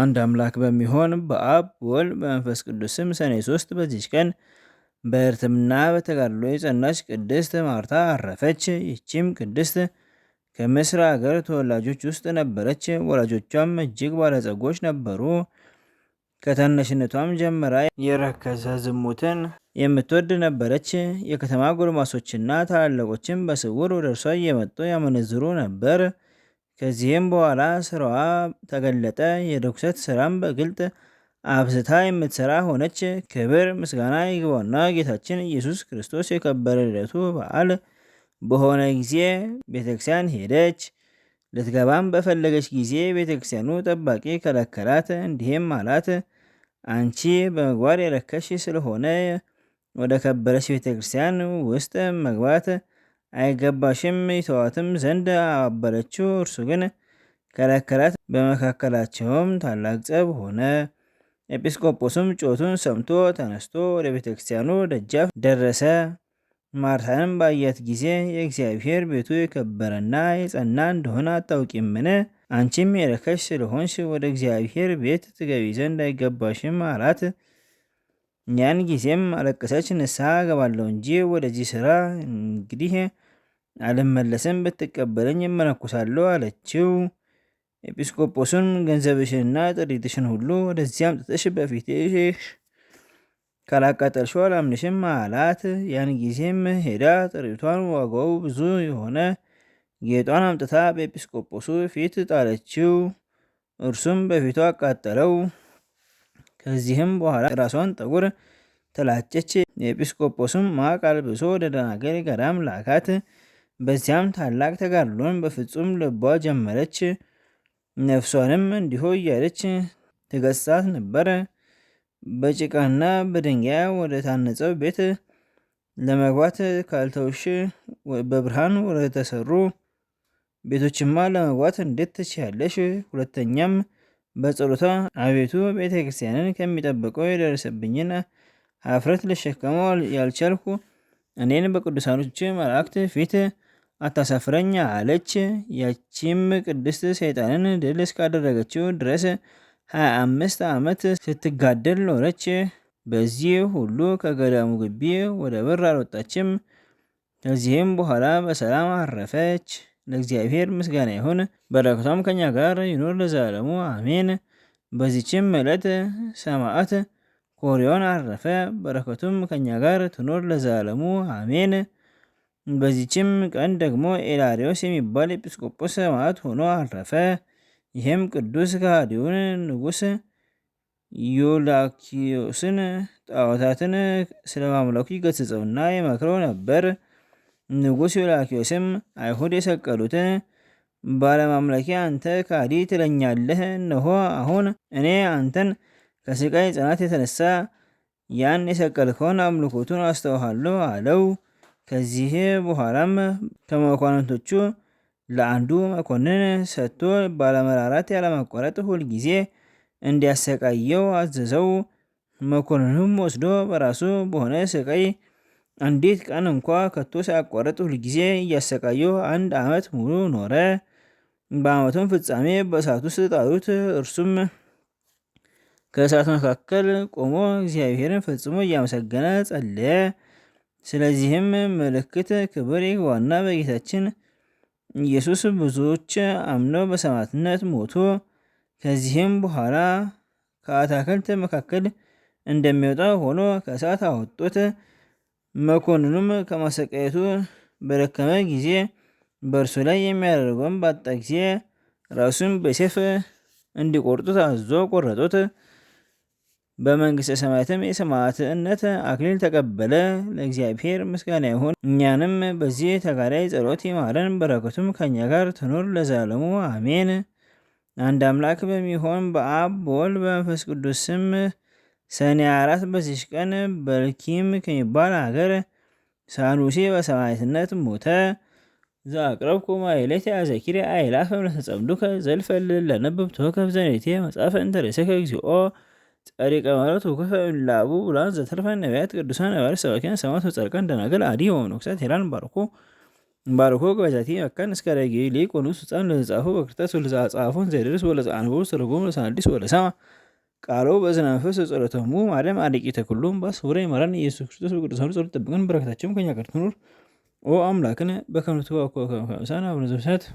አንድ አምላክ በሚሆን በአብ ወልድ በመንፈስ ቅዱስም ሰኔ ሶስት በዚች ቀን በእርትምና በተጋድሎ የጸናች ቅድስት ማርታ አረፈች። ይቺም ቅድስት ከምስር ሀገር ተወላጆች ውስጥ ነበረች። ወላጆቿም እጅግ ባለጸጎች ነበሩ። ከታናሽነቷም ጀምራ የረከሰ ዝሙትን የምትወድ ነበረች። የከተማ ጎልማሶችና ታላላቆችም በስውር ወደ እርሷ እየመጡ ያመነዝሩ ነበር። ከዚህም በኋላ ስራዋ ተገለጠ። የርኩሰት ስራም በግልጥ አብዝታ የምትሰራ ሆነች። ክብር ምስጋና ይግባውና ጌታችን ኢየሱስ ክርስቶስ የከበረ ልደቱ በዓል በሆነ ጊዜ ቤተክርስቲያን ሄደች። ልትገባም በፈለገች ጊዜ ቤተክርስቲያኑ ጠባቂ ከለከላት። እንዲህም አላት፣ አንቺ በምግባር የረከሽ ስለሆነ ወደ ከበረች ቤተክርስቲያን ውስጥ መግባት አይገባሽም ይተዋትም ዘንድ አባበለችው። እርሱ ግን ከለከላት። በመካከላቸውም ታላቅ ጸብ ሆነ። ኤጲስቆጶስም ጮቱን ሰምቶ ተነስቶ ወደ ቤተ ክርስቲያኑ ደጃፍ ደረሰ። ማርታንም ባያት ጊዜ የእግዚአብሔር ቤቱ የከበረና የጸና እንደሆነ አታውቂምን? አንቺም የረከሽ ስለሆንሽ ወደ እግዚአብሔር ቤት ትገቢ ዘንድ አይገባሽም አላት። ያን ጊዜም አለቀሰች፣ ንስሐ ገባለሁ እንጂ ወደዚህ ስራ እንግዲህ አልመለስም፣ ብትቀበለኝ እመነኩሳለሁ አለችው። ኤጲስቆጶስም ገንዘብሽንና ጥሪትሽን ሁሉ ወደዚህ አምጥተሽ በፊትሽ ካላቃጠልሽው አላምንሽም አላት። ያን ጊዜም ሄዳ ጥሪቷን ዋጋው ብዙ የሆነ ጌጧን አምጥታ በኤጲስቆጶሱ ፊት ጣለችው። እርሱም በፊቱ አቃጠለው። ከዚህም በኋላ ራሷን ጠጉር ተላጨች። የኤጲስቆጶስም ማቅ አልብሶ ወደ ደናግል ገዳም ላካት። በዚያም ታላቅ ተጋድሎን በፍጹም ልቧ ጀመረች። ነፍሷንም እንዲሁ እያለች ትገሳት ነበር። በጭቃና በድንጋይ ወደ ታነጸው ቤት ለመግባት ካልተውሽ በብርሃን ወደ ተሰሩ ቤቶችማ ለመግባት እንዴት ትችያለሽ? ሁለተኛም በጸሎታ አቤቱ ቤተ ክርስቲያንን ከሚጠብቀው የደረሰብኝን ሀፍረት ልሸከመው ያልቻልኩ እኔን በቅዱሳኖች መላእክት ፊት አታሳፍረኝ አለች። ያቺም ቅድስት ሰይጣንን ድል እስካደረገችው ድረስ 25 ዓመት ስትጋደል ኖረች። በዚህ ሁሉ ከገዳሙ ግቢ ወደ በር አልወጣችም። ከዚህም በኋላ በሰላም አረፈች። ለእግዚአብሔር ምስጋና ይሁን፣ በረከቷም ከኛ ጋር ይኑር ለዘላለሙ አሜን። በዚችም ዕለት ሰማዕት ኮሪዮን አረፈ። በረከቱም ከኛ ጋር ትኖር ለዘላለሙ አሜን። በዚችም ቀን ደግሞ ኤላሪዮስ የሚባል ኤጲስቆጶስ ሰማዕት ሆኖ አረፈ። ይህም ቅዱስ ከሃዲውን ንጉሥ ዮላኪዮስን ጣዖታትን ስለማምለኩ ይገስጸውና ይመክረው ነበር። ንጉሥ ዮላኪዮስም አይሁድ የሰቀሉትን ባለማምለኪ አንተ ካዲ ትለኛለህ? እነሆ አሁን እኔ አንተን ከስቃይ ጽናት የተነሳ ያን የሰቀልከውን አምልኮቱን አስተውሃለሁ አለው። ከዚህ በኋላም ከመኳንንቶቹ ለአንዱ መኮንን ሰጥቶ ባለመራራት ያለማቋረጥ ሁልጊዜ እንዲያሰቃየው አዘዘው። መኮንኑም ወስዶ በራሱ በሆነ ስቃይ አንዲት ቀን እንኳ ከቶ ሳያቋረጥ ሁልጊዜ እያሰቃየው አንድ ዓመት ሙሉ ኖረ። በዓመቱም ፍጻሜ በእሳት ውስጥ ጣሉት። እርሱም ከእሳት መካከል ቆሞ እግዚአብሔርን ፈጽሞ እያመሰገነ ጸለየ። ስለዚህም ምልክት ክብር ዋና በጌታችን ኢየሱስ ብዙዎች አምነው በሰማዕትነት ሞቱ። ከዚህም በኋላ ከአታክልት መካከል እንደሚወጣ ሆኖ ከእሳት አወጡት። መኮንኑም ከማሰቃየቱ በደከመ ጊዜ በእርሱ ላይ የሚያደርገውን ባጣ ጊዜ ራሱን በሴፍ እንዲቆርጡት አዞ ቆረጡት። በመንግሥተ ሰማያትም የሰማዕትነት አክሊል ተቀበለ። ለእግዚአብሔር ምስጋና ይሁን፣ እኛንም በዚህ ተጋዳይ ጸሎት ይማረን፣ በረከቱም ከእኛ ጋር ትኑር ለዘላለሙ አሜን። አንድ አምላክ በሚሆን በአብ በወልድ በመንፈስ ቅዱስ ስም ሰኔ አራት በዚች ቀን በልኪም ከሚባል ሀገር ሳኑሲ በሰማዕትነት ሞተ። ዘአቅረብኩ ማኅሌተ አዘኪሬ አእላፈ እምለተጸምዱከ ዘልፈልል ለነብብቶ ከብዘኔቴ መጽሐፈ እንተ እግዚኦ ጠሪቀ ማለት ውክፈ ላቡ ብላን ዘተልፈን ነቢያት ቅዱሳን ነባሪ ሰባኪያን ሰማት ጸርቀን ደናገል አዲ ሆኑ ክሳት ሄራን ባርኮ ባርኮ በዛቲ መካን እስከ ረጊ ሊቆኑ ስልጣን ለተጻፉ በክርታስ ወለጻጻፉን ዘይደርስ ወለጻንቦ ትርጉም ለሳዲስ ወለሰማ ቃሎ በዝናፈስ ጸሎተሙ ማርያም አደቂ ተኩሉም ባስ ሁረ ይመራን ኢየሱስ ክርስቶስ በቅዱሳኑ ጸሎት ጠብቀን በረከታቸውም ከኛ ጋር ትኑር ኦ አምላክን በከምቱ አኮ ከምሳን አቡነ ዘብሳት